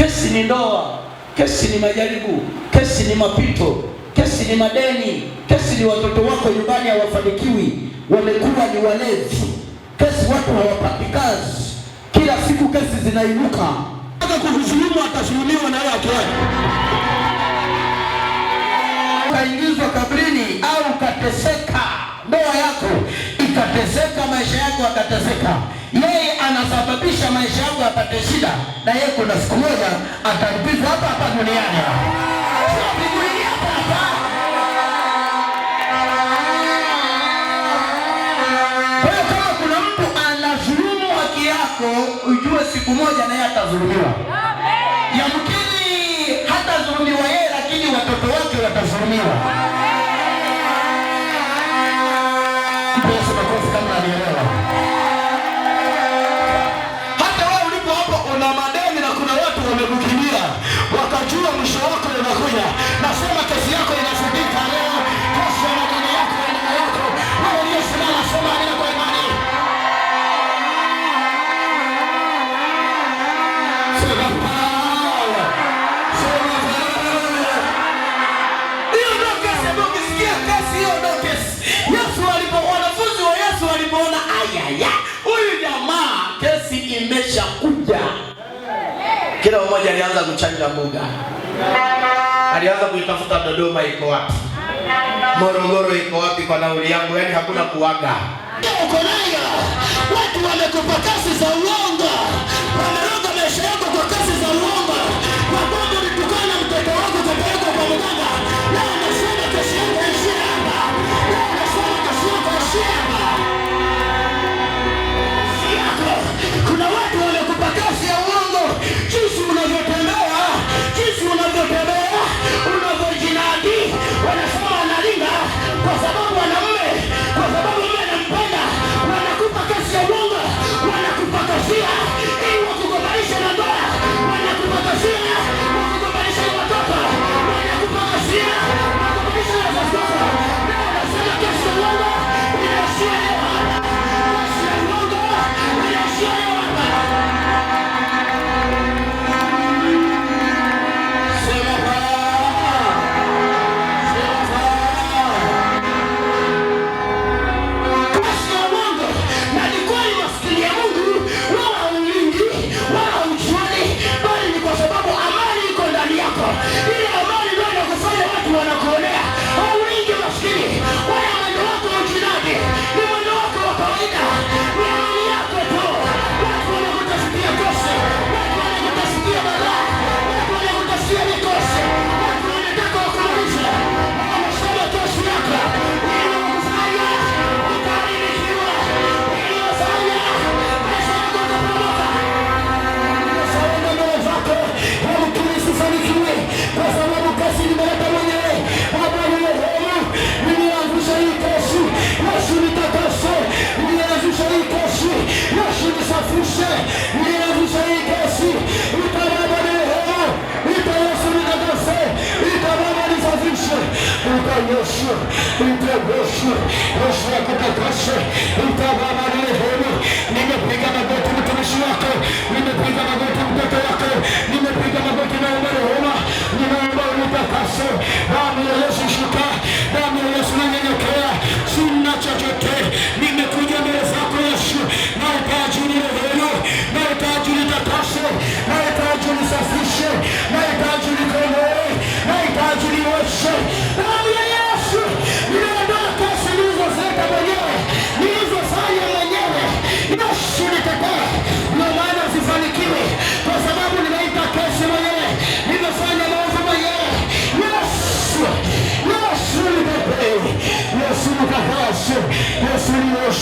Kesi ni ndoa, kesi ni majaribu, kesi ni mapito, kesi ni madeni, kesi ni watoto wako nyumbani hawafanikiwi, wamekuwa ni walevi, kesi watu hawapati kazi, kila siku kesi zinainuka. Hata kukusulumu atasulumiwa na yeye akiwaje, kaingizwa kabrini au kateseka, ndoa yako ikateseka, maisha yako akateseka kusababisha maisha yangu apate shida, na yeye kuna siku moja atarudishwa hapa hapa duniani. kama kuna mtu anadhulumu haki yako, ujue siku moja naye atadhulumiwa. mmoja alianza kuchanja mbuga, alianza kuitafuta Dodoma iko wapi, Morogoro iko wapi kwa nauli yangu, yaani hakuna kuaga. Uko watu wamekupa kazi za uongo.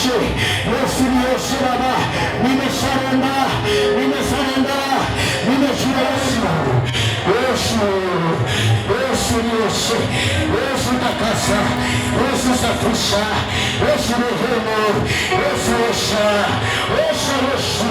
nchi Yesu nioshiraba nimesharenda nimesharenda nimeshira Yesu Yesu Yesu nioshe Yesu takasa Yesu safisha Yesu rehemu Yesu osha osha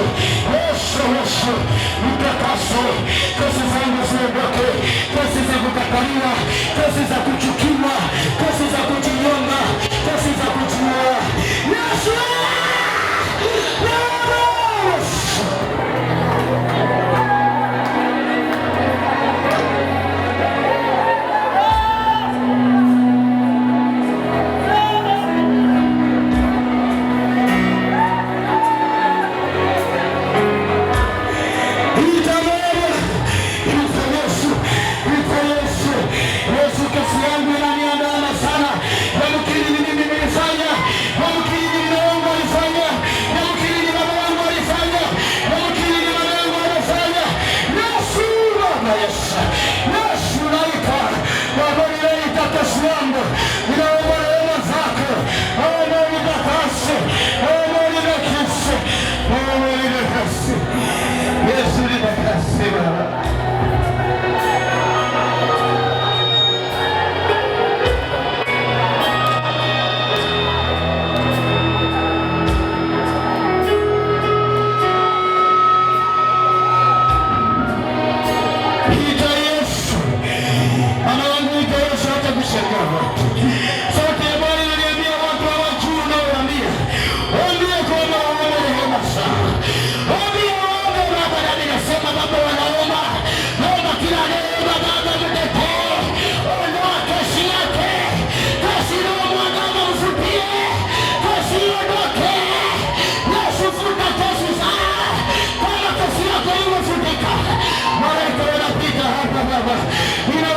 Yesu. Yesu naita, wabadileita kesho yangu Yeah. you know